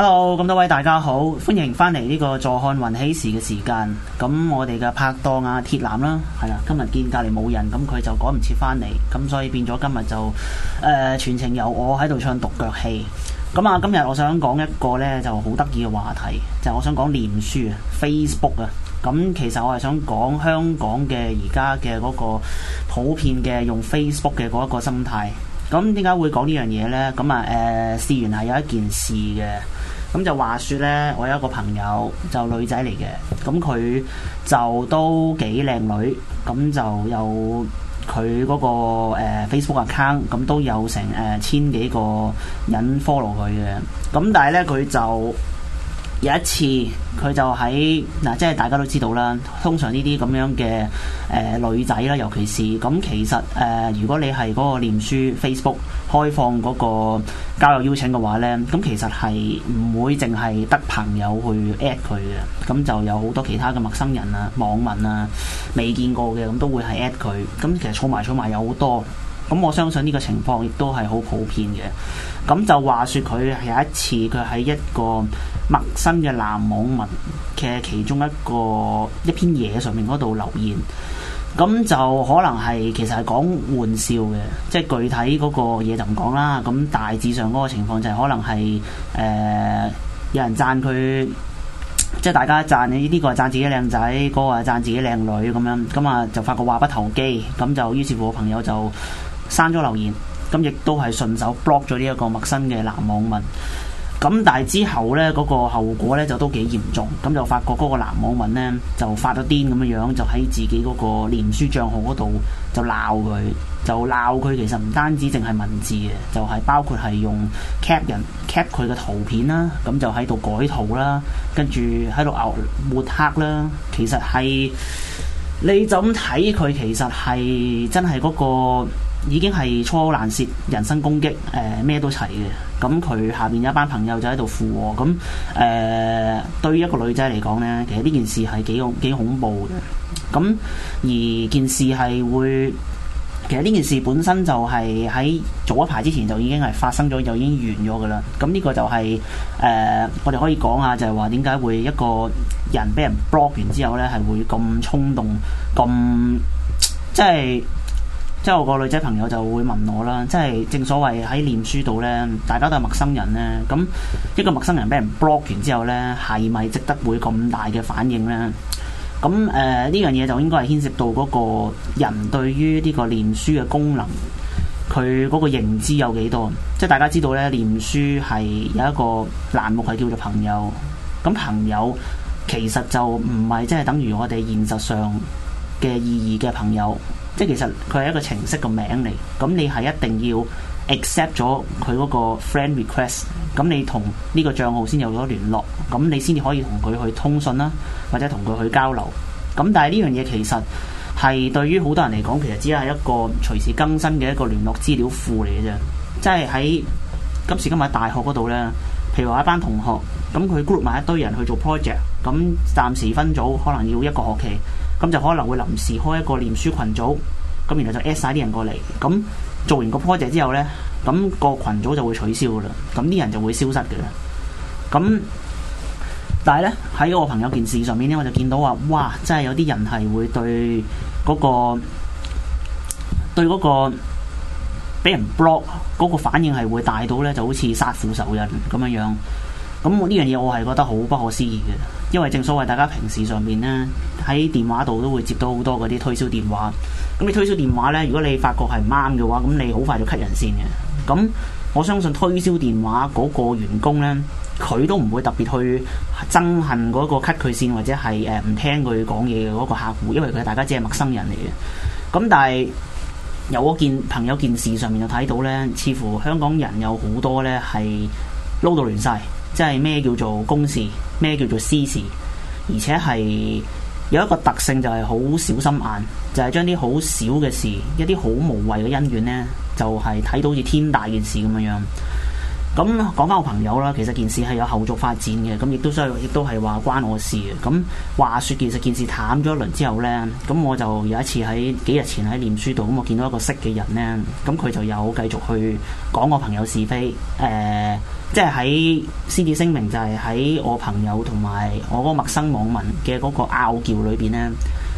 hello，咁多位大家好，歡迎翻嚟呢個坐看雲起時嘅時間。咁我哋嘅拍檔啊，鐵男啦，係啦，今日見隔籬冇人，咁佢就趕唔切翻嚟，咁所以變咗今日就誒、呃、全程由我喺度唱獨腳戲。咁啊，今日我想講一個呢就好得意嘅話題，就是、我想講臉書啊，Facebook 啊。咁其實我係想講香港嘅而家嘅嗰個普遍嘅用 Facebook 嘅嗰一個心態。咁點解會講呢樣嘢呢？咁啊，誒、呃，事源係有一件事嘅。咁就話説呢，我有一個朋友就女仔嚟嘅，咁佢就都幾靚女，咁就有佢嗰個、呃、Facebook account 咁、嗯、都有成誒、呃、千幾個人 follow 佢嘅，咁但係呢，佢就。有一次，佢就喺嗱、啊，即係大家都知道啦。通常呢啲咁樣嘅誒、呃、女仔啦，尤其是咁、嗯，其實誒、呃、如果你係嗰個臉書 Facebook 開放嗰個交友邀請嘅話呢，咁、嗯、其實係唔會淨係得朋友去 at 佢嘅，咁、嗯、就有好多其他嘅陌生人啊、網民啊未見過嘅，咁、嗯、都會係 at 佢。咁、嗯、其實儲埋儲埋有好多，咁、嗯、我相信呢個情況亦都係好普遍嘅。咁、嗯、就話說佢有一次佢喺一個。陌生嘅男網民，嘅其、其中一個一篇嘢上面嗰度留言，咁就可能係其實係講玩笑嘅，即係具體嗰個嘢就唔講啦。咁大致上嗰個情況就係可能係誒、呃、有人讚佢，即係大家讚呢、這個係讚自己靚仔，嗰、那個係讚自己靚女咁樣。咁啊就發覺話不投機，咁就於是乎我朋友就刪咗留言，咁亦都係順手 block 咗呢一個陌生嘅男網民。咁但係之後呢，嗰、嗰個後果呢就都幾嚴重，咁就發覺嗰個男網民呢，就發咗癲咁樣樣，就喺自己嗰個臉書帳號嗰度就鬧佢，就鬧佢其實唔單止淨係文字嘅，就係、係、包括係用 cap 人 cap 佢嘅圖片啦，咁就喺度改圖啦，跟住喺度牛抹黑啦，其實係你就咁睇佢？其實係真係嗰、嗰個。已經係粗口爛舌、人身攻擊，誒、呃、咩都齊嘅。咁、嗯、佢下邊有一班朋友就喺度附和。咁、嗯、誒、呃，對於一個女仔嚟講呢，其實呢件事係幾恐恐怖嘅。咁、嗯、而件事係會，其實呢件事本身就係喺早一排之前就已經係發生咗，就已經完咗噶啦。咁、嗯、呢、這個就係、是、誒、呃，我哋可以講下就係話點解會一個人俾人 block 完之後呢，係會咁衝動、咁即係。即係我個女仔朋友就會問我啦，即係正所謂喺臉書度呢，大家都係陌生人呢。咁一個陌生人俾人 block 完之後呢，係咪值得會咁大嘅反應呢？咁誒呢樣嘢就應該係牽涉到嗰個人對於呢個臉書嘅功能，佢嗰個認知有幾多？即係大家知道呢，臉書係有一個欄目係叫做朋友。咁朋友其實就唔係即係等於我哋現實上嘅意義嘅朋友。即係其實佢係一個程式個名嚟，咁你係一定要 accept 咗佢嗰個 friend request，咁你同呢個帳號先有咗聯絡，咁你先至可以同佢去通訊啦，或者同佢去交流。咁但係呢樣嘢其實係對於好多人嚟講，其實只係一個隨時更新嘅一個聯絡資料庫嚟嘅啫。即係喺今時今日大學嗰度咧，譬如話一班同學，咁佢 group 埋一堆人去做 project，咁暫時分組可能要一個學期，咁就可能會臨時開一個念書群組。咁然後就 at 曬啲人過嚟，咁做完個 project 之後呢，咁個群組就會取消㗎喇，咁啲人就會消失㗎喇。咁但係呢，喺我朋友件事上面呢，我就見到話，哇！真係有啲人係會對嗰個對嗰個俾人 block 嗰個反應係會大到呢，就好似殺父仇人咁樣樣。咁呢樣嘢我係覺得好不可思議嘅。因為正所謂大家平時上面呢，喺電話度都會接到好多嗰啲推銷電話，咁你推銷電話呢，如果你發覺係唔啱嘅話，咁你好快就 cut 人線嘅。咁我相信推銷電話嗰個員工呢，佢都唔會特別去憎恨嗰個 cut 佢線或者係誒唔聽佢講嘢嘅嗰個客戶，因為佢大家只係陌生人嚟嘅。咁但係有我見朋友件事上面就睇到呢，似乎香港人有好多呢係撈到亂晒。即係咩叫做公事，咩叫做私事，而且係有一個特性就係好小心眼，就係將啲好小嘅事，一啲好無謂嘅恩怨呢，就係、係、睇到好似天大件事咁樣樣。咁講翻我朋友啦，其實件事係有後續發展嘅，咁亦都需要，亦都係話關我事嘅。咁話說，其實件事淡咗一輪之後呢，咁我就有一次喺幾日前喺臉書度，咁我見到一個識嘅人呢，咁佢就有繼續去講我朋友是非。誒、呃，即係喺先至聲明，就係喺我朋友同埋我個陌生網民嘅嗰個拗撬裏邊呢。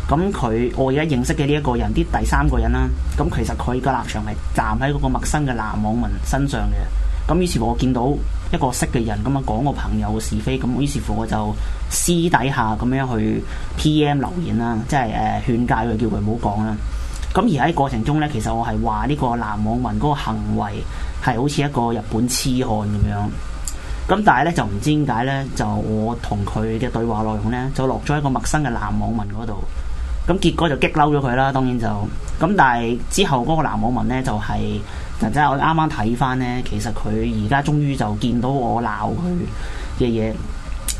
咁佢我而家認識嘅呢一個人，啲第三個人啦，咁其實佢個立場係站喺嗰個陌生嘅男網民身上嘅。咁於是乎我見到一個識嘅人咁啊講個朋友嘅是非，咁於是乎我就私底下咁樣去 P.M. 留言啦，嗯、即係誒、呃、勸架佢，叫佢唔好講啦。咁而喺過程中呢，其實我係話呢個男網民嗰個行為係好似一個日本痴漢咁樣。咁但係呢，就唔知點解呢，就我同佢嘅對話內容呢，就落咗喺個陌生嘅男網民嗰度。咁結果就激嬲咗佢啦，當然就咁。但係之後嗰個男網民呢，就係、是。就真係我啱啱睇翻呢，其實佢而家終於就見到我鬧佢嘅嘢。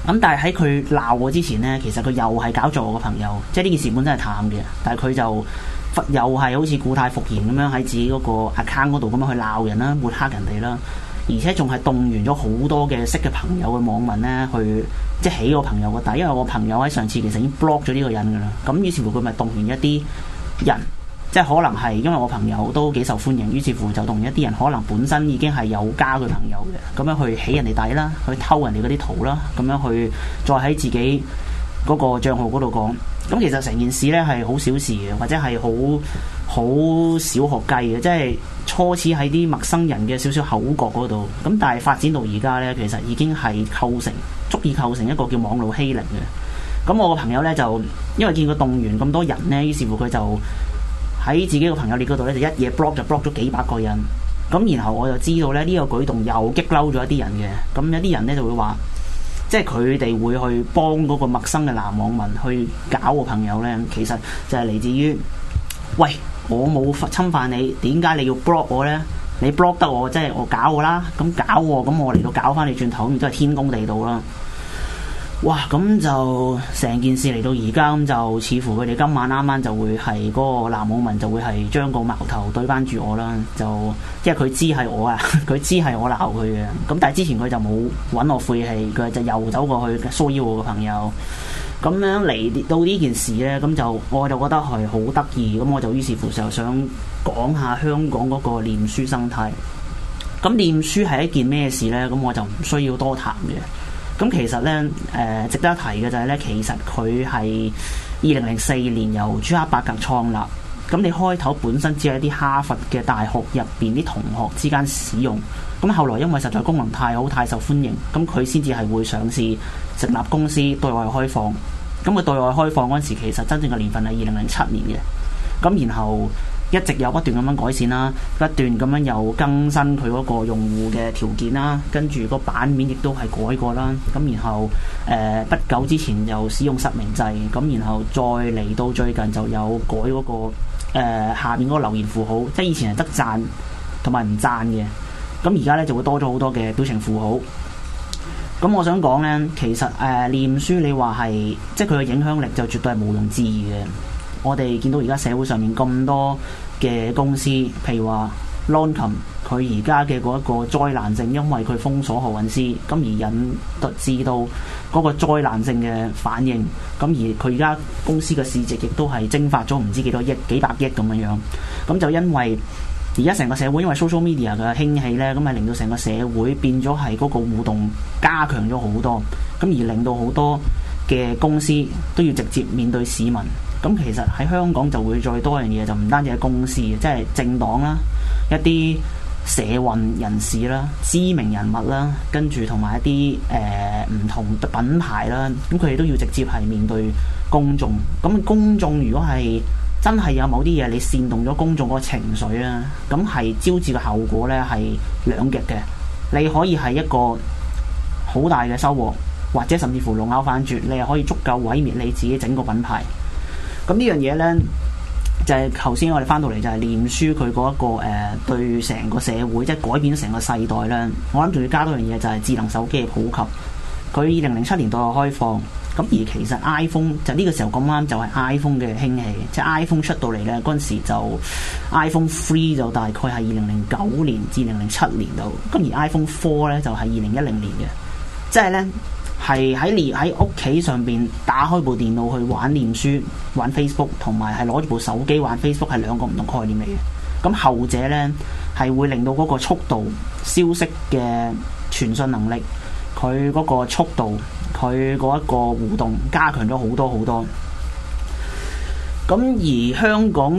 咁但係喺佢鬧我之前呢，其實佢又係搞咗我個朋友。即係呢件事本身係淡嘅，但係佢就又係好似故態復萌咁樣喺自己嗰個 account 嗰度咁樣去鬧人啦、抹黑人哋啦，而且仲係動員咗好多嘅識嘅朋友嘅網民呢，去即係起我朋友嘅底。因為我朋友喺上次其實已經 block 咗呢個人噶啦，咁於是乎佢咪動員一啲人。即係可能係因為我朋友都幾受歡迎，於是乎就同一啲人可能本身已經係有加佢朋友嘅咁樣去起人哋底啦，去偷人哋嗰啲圖啦，咁樣去再喺自己嗰個賬號嗰度講。咁、嗯、其實成件事呢係好小事嘅，或者係好好小學計嘅，即係初次喺啲陌生人嘅少少口角嗰度。咁但係發展到而家呢，其實已經係構成足以構成一個叫網路欺凌嘅。咁、嗯、我個朋友呢，就因為見佢動員咁多人呢，於是乎佢就。喺自己個朋友列表度咧，就一夜 block 就 block 咗幾百個人咁。然後我就知道咧呢個舉動又激嬲咗一啲人嘅。咁有啲人咧就會話，即係佢哋會去幫嗰個陌生嘅男網民去搞個朋友咧，其實就係嚟自於喂我冇侵犯你，點解你要 block 我咧？你 block 得我，即係我搞我啦。咁搞我，咁我嚟到搞翻你轉頭，咁都係天公地道啦。哇！咁就成件事嚟到而家咁就，似乎佢哋今晚啱啱就會係嗰、那個男網民就會係將個矛頭對翻住我啦。就因為佢知係我啊，佢知係我鬧佢嘅。咁但係之前佢就冇揾我晦氣，佢就又走過去騷擾我嘅朋友。咁樣嚟到呢件事呢，咁就我就覺得係好得意。咁我就於是乎就想講下香港嗰個臉書生態。咁臉書係一件咩事呢？咁我就唔需要多談嘅。咁其實咧，誒、呃、值得一提嘅就係咧，其實佢係二零零四年由朱克伯格創立。咁你開頭本身只係一啲哈佛嘅大學入邊啲同學之間使用。咁後來因為實在功能太好、太受歡迎，咁佢先至係會上市，成立公司對外開放。咁佢對外開放嗰陣時，其實真正嘅年份係二零零七年嘅。咁然後。一直有不斷咁樣改善啦，不斷咁樣又更新佢嗰個用戶嘅條件啦，跟住個版面亦都係改過啦。咁然後誒、呃、不久之前又使用實名制，咁然後再嚟到最近就有改嗰、那個、呃、下面嗰留言符號，即係以前係得讚同埋唔讚嘅，咁而家呢，就會多咗好多嘅表情符號。咁我想講呢，其實誒臉、呃、書你話係即係佢嘅影響力就絕對係毋庸置疑嘅。我哋見到而家社會上面咁多嘅公司，譬如話 Lancôme 佢而家嘅嗰一個災難性，因為佢封鎖何韻詩，咁而引導致到嗰個災難性嘅反應。咁而佢而家公司嘅市值亦都係蒸發咗唔知幾多億幾百億咁樣樣。咁就因為而家成個社會因為 social media 嘅興起呢，咁咪令到成個社會變咗係嗰個互動加強咗好多。咁而令到好多嘅公司都要直接面對市民。咁其實喺香港就會再多樣嘢，就唔單止係公司，即係政黨啦、一啲社運人士啦、知名人物啦，跟住、呃、同埋一啲誒唔同品牌啦。咁佢哋都要直接係面對公眾。咁公眾如果係真係有某啲嘢，你煽動咗公眾嗰個情緒啊，咁係招致嘅後果呢係兩極嘅。你可以係一個好大嘅收穫，或者甚至乎龍咬反轉，你係可以足夠毀滅你自己整個品牌。咁呢樣嘢呢，就係頭先我哋翻到嚟就係臉書佢嗰一個誒、呃，對成個社會即係、就是、改變成個世代啦。我諗仲要加多樣嘢就係智能手機嘅普及。佢二零零七年度開放，咁而其實 iPhone 就呢個時候咁啱就係 iPhone 嘅興起，即、就、係、是、iPhone 出到嚟呢，嗰陣時就 iPhone Three 就大概係二零零九年至零零七年度，咁而 iPhone Four 呢，就是、呢，就係二零一零年嘅，即係呢。係喺喺屋企上邊打開部電腦去玩臉書，玩 Facebook 同埋係攞住部手機玩 Facebook 係兩個唔同概念嚟嘅。咁後者呢，係會令到嗰個速度、消息嘅傳訊能力，佢嗰個速度，佢嗰一個互動加強咗好多好多。咁而香港，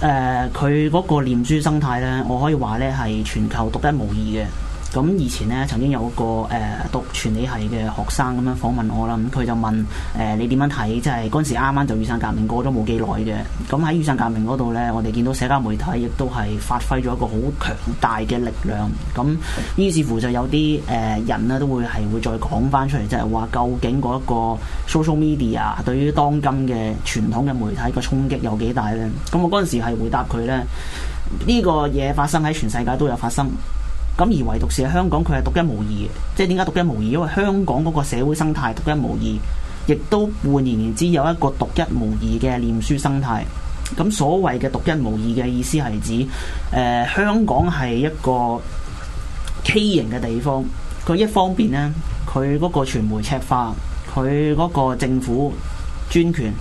誒佢嗰個臉書生態呢，我可以話呢係全球獨一無二嘅。咁以前咧，曾經有個誒、呃、讀傳理系嘅學生咁樣訪問我啦，咁佢就問誒、呃、你點樣睇？即係嗰陣時啱啱就雨傘革命，過咗冇幾耐嘅。咁喺雨傘革命嗰度咧，我哋見到社交媒體亦都係發揮咗一個好強大嘅力量。咁於是乎就有啲誒、呃、人咧都會係會再講翻出嚟，即係話究竟嗰個 social media 對於當今嘅傳統嘅媒體個衝擊有幾大咧？咁我嗰陣時係回答佢咧，呢、呢個嘢發生喺全世界都有發生。咁而唯獨是香港，佢係獨一無二即係點解獨一無二？因為香港嗰個社會生態獨一無二，亦都換言之有一個獨一無二嘅臉書生態。咁所謂嘅獨一無二嘅意思係指，誒、呃、香港係一個畸形嘅地方。佢一方面呢，佢嗰個傳媒赤化，佢嗰個政府專權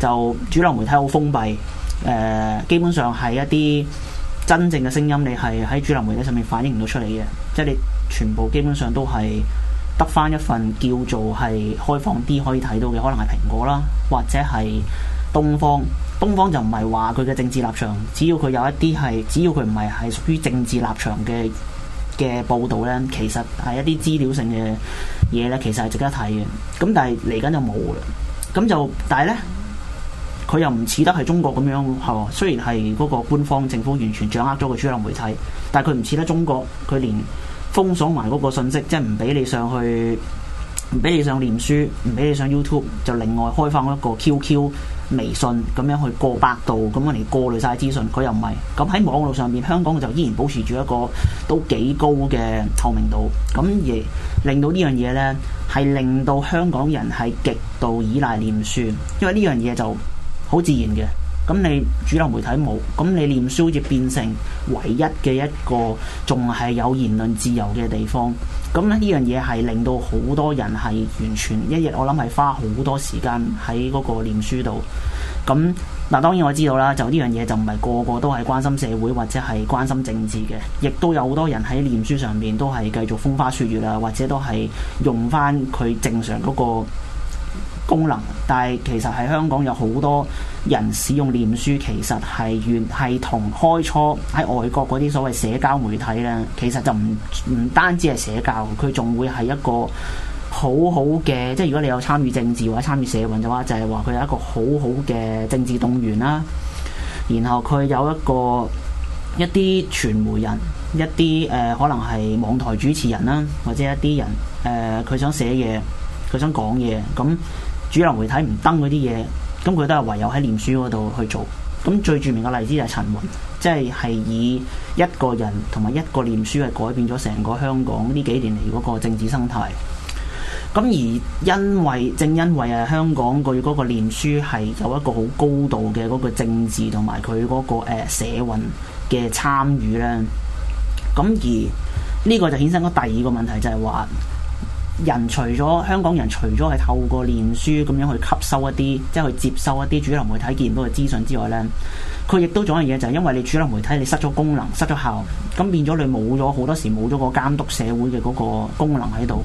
就主流媒體好封閉，誒、呃、基本上係一啲。真正嘅聲音，你係喺主流媒體上面反映唔到出嚟嘅，即係你全部基本上都係得返一份叫做係開放啲可以睇到嘅，可能係蘋果啦，或者係東方。東方就唔係話佢嘅政治立場，只要佢有一啲係，只要佢唔係係屬於政治立場嘅嘅報導呢，其實係一啲資料性嘅嘢呢，其實係值得睇嘅。咁但係嚟緊就冇啦，咁就但係呢。佢又唔似得係中國咁樣，係喎。雖然係嗰個官方政府完全掌握咗個主流媒體，但係佢唔似得中國，佢連封鎖埋嗰個信息，即係唔俾你上去，唔俾你上臉書，唔俾你上 YouTube，就另外開翻一個 QQ、微信咁樣去過百度咁樣嚟過濾晒資訊。佢又唔係咁喺網絡上面，香港就依然保持住一個都幾高嘅透明度，咁而令到呢樣嘢呢，係令到香港人係極度依賴臉書，因為呢樣嘢就。好自然嘅，咁你主流媒體冇，咁你念書亦變成唯一嘅一個，仲係有言論自由嘅地方，咁呢樣嘢係令到好多人係完全一日，我諗係花好多時間喺嗰個念書度。咁嗱，當然我知道啦，就呢樣嘢就唔係個個都係關心社會或者係關心政治嘅，亦都有好多人喺念書上面都係繼續風花雪月啦，或者都係用返佢正常嗰個。功能，但係其實喺香港有好多人使用臉書，其實係原係同開初喺外國嗰啲所謂社交媒體咧，其實就唔唔單止係社交，佢仲會係一個好好嘅，即係如果你有參與政治或者參與社運嘅話，就係話佢有一個好好嘅政治動員啦。然後佢有一個一啲傳媒人，一啲誒、呃、可能係網台主持人啦，或者一啲人誒佢、呃、想寫嘢，佢想講嘢咁。主流媒體唔登嗰啲嘢，咁佢都係唯有喺臉書嗰度去做。咁最著名嘅例子就係陳雲，即係係以一個人同埋一個臉書，係改變咗成個香港呢幾年嚟嗰個政治生態。咁而因為正因為啊香港佢嗰個臉書係有一個好高度嘅嗰個政治同埋佢嗰個誒社運嘅參與呢。咁而呢個就衍生咗第二個問題，就係話。人除咗香港人，除咗係透過臉書咁樣去吸收一啲，即係去接收一啲主流媒體見到嘅資訊之外呢，佢亦都仲有一樣嘢，就係因為你主流媒體你失咗功能、失咗效，咁變咗你冇咗好多時冇咗個監督社會嘅嗰個功能喺度。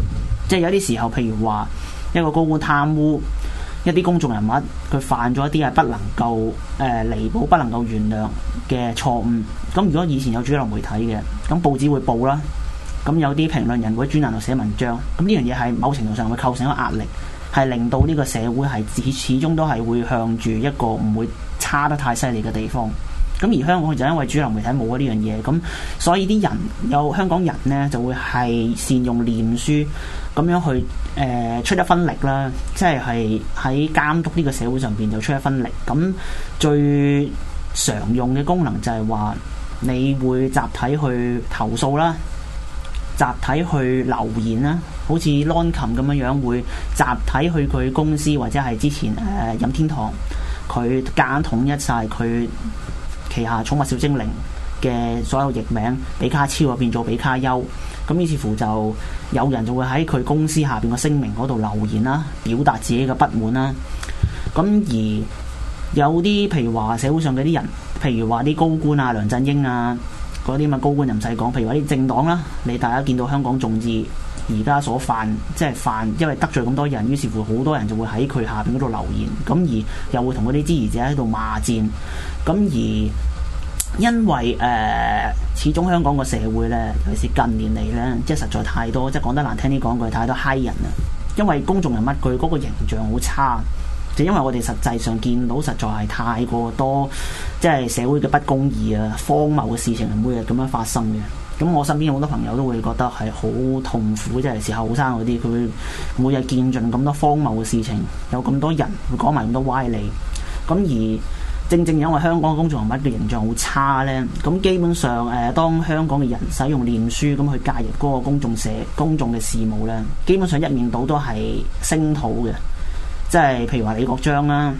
即係有啲時候，譬如話一個高官貪污，一啲公眾人物佢犯咗一啲係不能夠誒、呃、彌補、不能夠原諒嘅錯誤。咁如果以前有主流媒體嘅，咁報紙會報啦。咁有啲評論人會喺專欄度寫文章，咁呢樣嘢係某程度上會構成一個壓力，係令到呢個社會係始始終都係會向住一個唔會差得太犀利嘅地方。咁而香港就因為主流媒體冇咗呢樣嘢，咁所以啲人有香港人呢就會係善用臉書咁樣去誒、呃、出一分力啦，即係喺監督呢個社會上邊就出一分力。咁最常用嘅功能就係話你會集體去投訴啦。集體去留言啦，好似 lon 琴咁樣樣會集體去佢公司或者係之前誒、呃、任天堂，佢夾硬統一晒佢旗下寵物小精靈嘅所有譯名，比卡超啊，變咗比卡丘，咁於是乎就有人就會喺佢公司下邊個聲明嗰度留言啦，表達自己嘅不滿啦。咁而有啲譬如話社會上嗰啲人，譬如話啲高官啊，梁振英啊。嗰啲咁嘅高官唔使講，譬如話啲政黨啦，你大家見到香港眾志而家所犯，即係犯，因為得罪咁多人，於是乎好多人就會喺佢下邊嗰度留言，咁而又會同嗰啲支持者喺度罵戰，咁而因為誒、呃，始終香港個社會呢，尤其是近年嚟呢，即係實在太多，即係講得難聽啲講句，太多嗨人啦，因為公眾人物佢嗰個形象好差。就因為我哋實際上見到，實在係太過多，即係社會嘅不公義啊、荒謬嘅事情，係每日咁樣發生嘅。咁我身邊好多朋友都會覺得係好痛苦，即係是後生嗰啲，佢每日見盡咁多荒謬嘅事情，有咁多人會講埋咁多歪理。咁而正正因為香港嘅公眾人物嘅形象好差呢，咁基本上誒、呃，當香港嘅人使用臉書咁去介入嗰個公眾社、公眾嘅事務呢，基本上一面倒都係聲討嘅。即係譬如話李國章啦，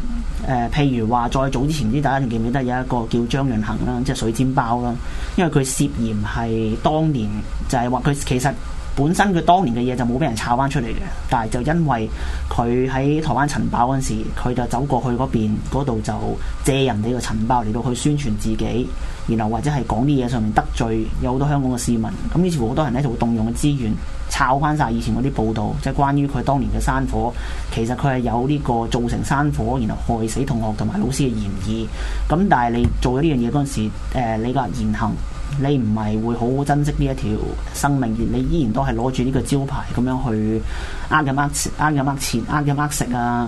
誒、呃，譬如話再早之前啲，大家仲記唔記得有一個叫張潤恒啦，即係水煎包啦，因為佢涉嫌係當年就係話佢其實本身佢當年嘅嘢就冇俾人炒翻出嚟嘅，但係就因為佢喺台灣塵爆嗰陣時，佢就走過去嗰邊嗰度就借人哋嘅塵爆嚟到去宣傳自己。然後或者係講啲嘢上面得罪有好多香港嘅市民，咁於是乎好多人咧就會動用嘅資源炒翻晒以前嗰啲報道，即係關於佢當年嘅山火，其實佢係有呢個造成山火，然後害死同學同埋老師嘅嫌疑。咁但係你做咗呢樣嘢嗰陣時，呃，你個人言行，你唔係會好好珍惜呢一條生命，你依然都係攞住呢個招牌咁樣去呃緊呃錢，呃緊呃錢，呃緊呃食啊，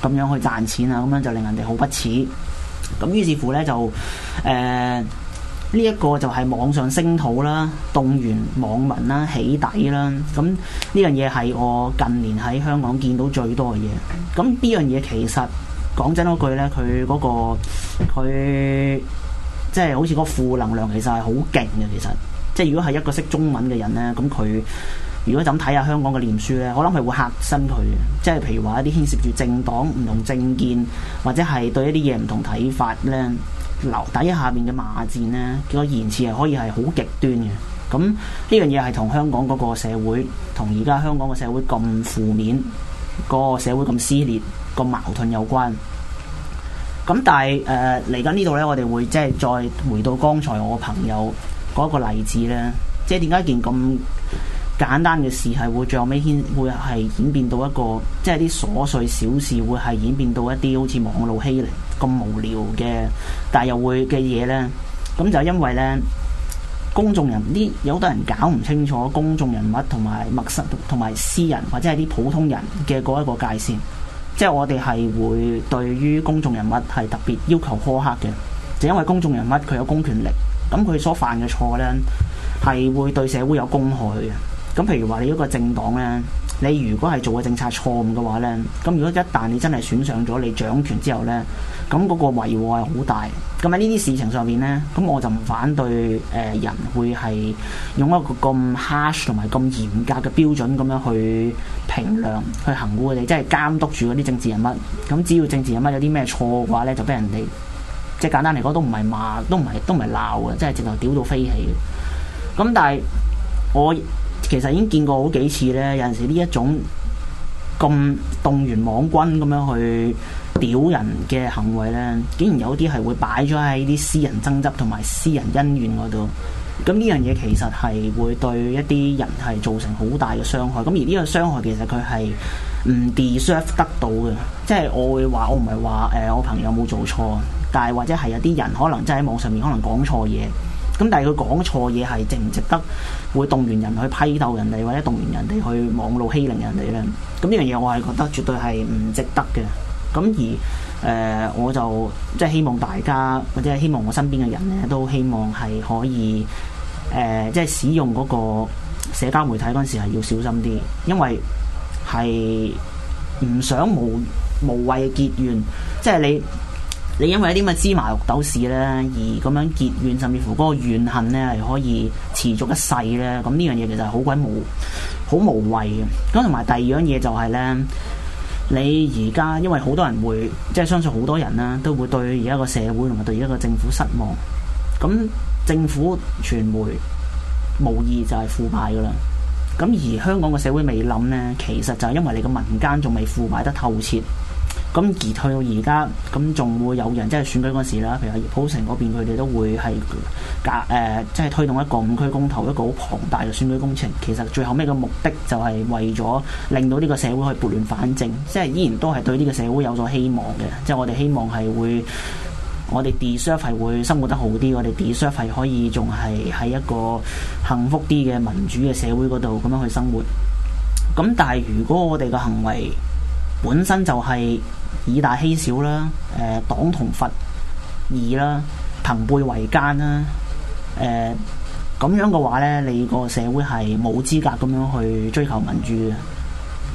咁樣去賺錢啊，咁樣就令人哋好不齒。咁於是乎呢，就誒呢、呃、一個就係網上聲討啦，動員網民啦，起底啦。咁呢樣嘢係我近年喺香港見到最多嘅嘢。咁呢樣嘢其實講真嗰句呢，佢嗰、嗰個佢即係好似嗰個負能量其實係好勁嘅。其實即係如果係一個識中文嘅人呢，咁佢。如果咁睇下香港嘅臉書呢，我諗係會嚇親佢嘅，即係譬如話一啲牽涉住政黨唔同政見，或者係對一啲嘢唔同睇法呢，樓底下面嘅罵戰呢，結果言辭係可以係好極端嘅。咁呢樣嘢係同香港嗰個社會，同而家香港社、個社會咁負面，個社會咁撕裂，個矛盾有關。咁但係誒嚟緊呢度呢，我哋會即係再回到剛才我朋友嗰個例子呢，即係點解一件咁。簡單嘅事係會最後尾牽，會係演變到一個，即係啲瑣碎小事會係演變到一啲好似網絡欺凌咁無聊嘅，但又會嘅嘢呢。咁就因為呢，公眾人啲有好多人搞唔清楚公眾人物同埋密室同埋私人或者係啲普通人嘅嗰一個界線，即係我哋係會對於公眾人物係特別要求苛刻嘅，就因為公眾人物佢有公權力，咁佢所犯嘅錯呢，係會對社會有公害嘅。咁，譬如話，你一個政黨咧，你如果係做個政策錯誤嘅話咧，咁如果一旦你真係選上咗你掌權之後咧，咁嗰個危害係好大。咁喺呢啲事情上面咧，咁我就唔反對誒、呃、人會係用一個咁 harsh 同埋咁嚴格嘅標準咁樣去評量，去衡估佢哋，即係監督住嗰啲政治人物。咁只要政治人物有啲咩錯嘅話咧，就俾人哋即係簡單嚟講都唔係罵，都唔係都唔係鬧嘅，即係直頭屌到飛起。咁但係我。其實已經見過好幾次咧，有陣時呢一種咁動員網軍咁樣去屌人嘅行為咧，竟然有啲係會擺咗喺啲私人爭執同埋私人恩怨嗰度。咁呢樣嘢其實係會對一啲人係造成好大嘅傷害。咁而呢個傷害其實佢係唔 deserve 得到嘅，即係我會話，我唔係話誒我朋友冇做錯，但係或者係有啲人可能真係喺網上面可能講錯嘢。咁但係佢講錯嘢係值唔值得會動員人去批鬥人哋或者動員人哋去網絡欺凌人哋呢？咁呢樣嘢我係覺得絕對係唔值得嘅。咁而誒、呃、我就即係希望大家或者係希望我身邊嘅人呢，都希望係可以誒、呃，即係使用嗰個社交媒體嗰陣時係要小心啲，因為係唔想無無謂嘅結怨，即係你。你因為一啲乜芝麻綠豆事呢，而咁樣結怨，甚至乎嗰個怨恨呢係可以持續一世呢，咁呢樣嘢其實係好鬼無好無謂嘅。咁同埋第二樣嘢就係呢，你而家因為好多人會即係相信好多人呢，都會對而家個社會同埋對而家個政府失望。咁政府傳媒無疑就係腐敗㗎喇。咁而香港嘅社會未冧呢，其實就係因為你個民間仲未腐敗得透徹。咁而退到而家，咁仲會有人即係選舉嗰時啦，譬如啊，熱普城嗰邊佢哋都會係架誒，即係推動一個五區公投，一個好龐大嘅選舉工程。其實最後尾嘅目的就係為咗令到呢個社會去撥亂反正，即係依然都係對呢個社會有所希望嘅。即係我哋希望係會我哋 deserve 係會生活得好啲，我哋 deserve 係可以仲係喺一個幸福啲嘅民主嘅社會嗰度咁樣去生活。咁但係如果我哋嘅行為，本身就係以大欺小啦，誒、呃、黨同伐異啦，朋輩為奸啦，誒、呃、咁樣嘅話呢，你個社會係冇資格咁樣去追求民主嘅，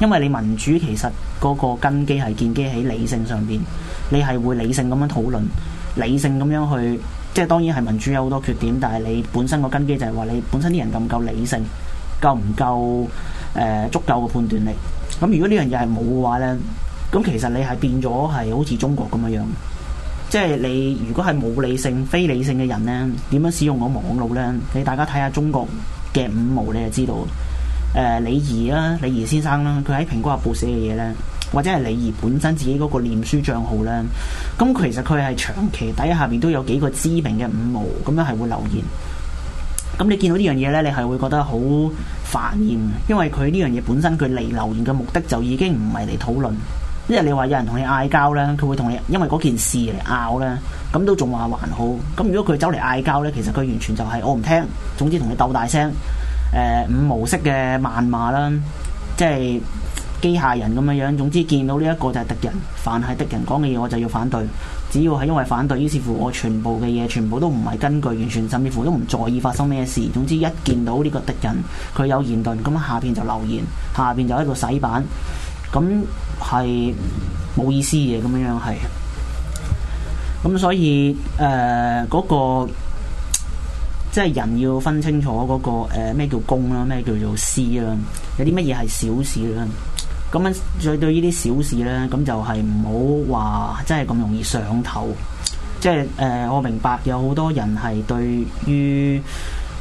因為你民主其實嗰個根基係建基喺理性上面，你係會理性咁樣討論，理性咁樣去，即係當然係民主有好多缺點，但係你本身個根基就係話你本身啲人夠唔夠理性，夠唔夠、呃、足夠嘅判斷力。咁如果呢樣嘢係冇嘅話呢，咁其實你係變咗係好似中國咁樣樣，即係你如果係冇理性、非理性嘅人呢，點樣使用個網路呢？你大家睇下中國嘅五毛，你就知道。誒、呃，李怡啦，李怡先生啦，佢喺《蘋果日報》寫嘅嘢呢，或者係李怡本身自己嗰個臉書賬號呢，咁其實佢係長期底下邊都有幾個知名嘅五毛咁樣係會留言。咁你見到呢樣嘢呢，你係會覺得好煩厭，因為佢呢樣嘢本身佢嚟留言嘅目的就已經唔係嚟討論，即係你話有人同你嗌交呢，佢會同你因為嗰件事嚟拗呢，咁都仲話還好。咁如果佢走嚟嗌交呢，其實佢完全就係、是、我唔聽，總之同你鬥大聲，呃、五毛式嘅謾罵啦，即係。機械人咁樣樣，總之見到呢一個就係敵人，凡係敵人講嘅嘢我就要反對。只要係因為反對，於是乎我全部嘅嘢，全部都唔係根據完全，甚至乎都唔在意發生咩事。總之一見到呢個敵人，佢有言論，咁下邊就留言，下邊就喺度洗版，咁係冇意思嘅。咁樣樣係，咁所以誒嗰個即係人要分清楚嗰個誒咩叫公啦，咩叫做私啦，有啲乜嘢係小事啦。咁樣再對呢啲小事呢，咁就係唔好話真係咁容易上頭。即係誒，我明白有好多人係對於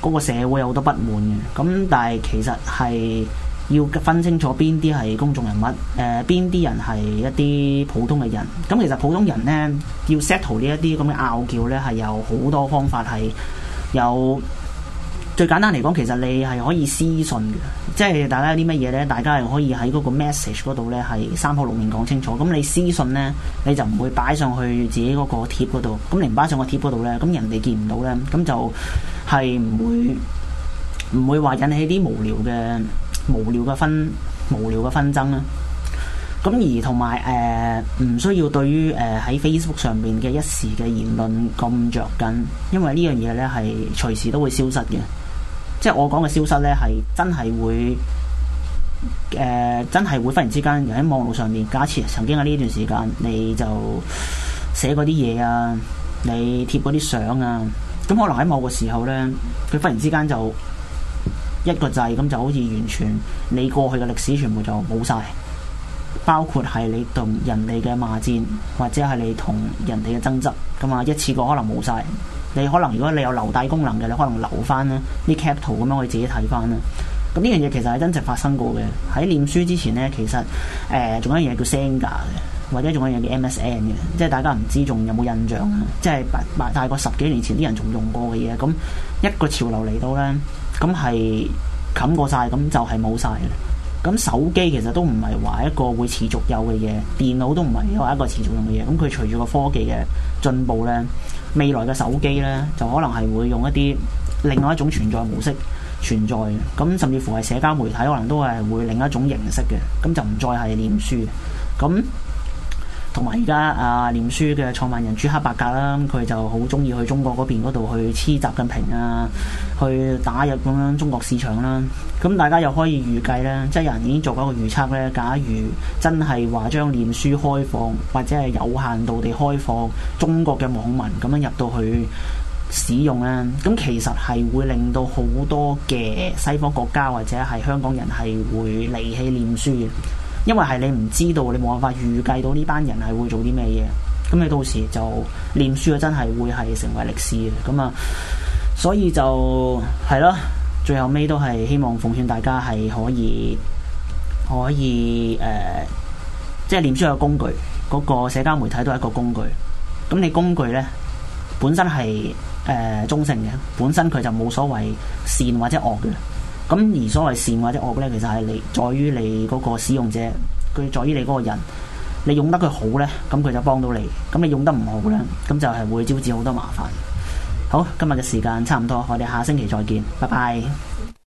嗰個社會有好多不滿嘅。咁但係其實係要分清楚邊啲係公眾人物，誒邊啲人係一啲普通嘅人。咁其實普通人呢，要 settle 呢一啲咁嘅拗撬呢，係有好多方法係有。最簡單嚟講，其實你係可以私信嘅，即係大家有啲乜嘢呢？大家係可以喺嗰個 message 嗰度呢，係三口六面講清楚。咁你私信呢，你就唔會擺上去自己嗰個貼嗰度。咁你唔擺上個貼嗰度呢，咁人哋見唔到呢，咁就係唔會唔會話引起啲無聊嘅無聊嘅分無聊嘅紛爭啦，啊。咁而同埋誒，唔、呃、需要對於誒喺、呃、Facebook 上面嘅一時嘅言論咁着緊，因為呢樣嘢呢係隨時都會消失嘅。即係我講嘅消失呢，係真係會，誒、呃，真係會忽然之間，又喺網絡上面假設曾經喺呢段時間，你就寫嗰啲嘢啊，你貼嗰啲相啊，咁可能喺某個時候呢，佢忽然之間就一個掣，咁就好似完全你過去嘅歷史全部就冇晒，包括係你同人哋嘅罵戰，或者係你同人哋嘅爭執，咁啊，一次過可能冇晒。你可能如果你有留底功能嘅，你可能留翻啦，啲 cap 圖咁樣可以自己睇翻啦。咁呢樣嘢其實係真實發生過嘅。喺臉書之前咧，其實誒仲、呃、有一樣嘢叫 Xanga 嘅，或者仲有一樣嘢叫 MSN 嘅，即係大家唔知仲有冇印象？嗯、即係大概十幾年前啲人仲用過嘅嘢。咁一個潮流嚟到咧，咁係冚過晒，咁就係冇晒。咁手機其實都唔係話一個會持續有嘅嘢，電腦都唔係話一個持續用嘅嘢。咁佢隨住個科技嘅進步呢，未來嘅手機呢，就可能係會用一啲另外一種存在模式存在嘅。咁甚至乎係社交媒體可能都係會另一種形式嘅。咁就唔再係臉書。咁同埋而家啊，臉書嘅創辦人朱克伯格啦，佢就好中意去中國嗰邊嗰度去黐習近平啊，去打入咁樣中國市場啦。咁大家又可以預計呢，即係有人已經做過一個預測呢。假如真係話將臉書開放，或者係有限度地開放中國嘅網民咁樣入到去使用呢，咁其實係會令到好多嘅西方國家或者係香港人係會離棄臉書嘅。因為係你唔知道，你冇辦法預計到呢班人係會做啲咩嘢，咁你到時就臉書啊，真係會係成為歷史嘅，咁啊，所以就係咯，最後尾都係希望奉勸大家係可以，可以誒，即、呃、係、就是、臉書有工具，嗰、那個社交媒體都係一個工具，咁你工具呢，本身係誒、呃、中性嘅，本身佢就冇所謂善或者惡嘅。咁而所謂善或者惡呢，其實係你在於你嗰個使用者，佢在於你嗰個人，你用得佢好呢，咁佢就幫到你；咁你用得唔好呢，咁就係會招致好多麻煩。好，今日嘅時間差唔多，我哋下星期再見，拜拜。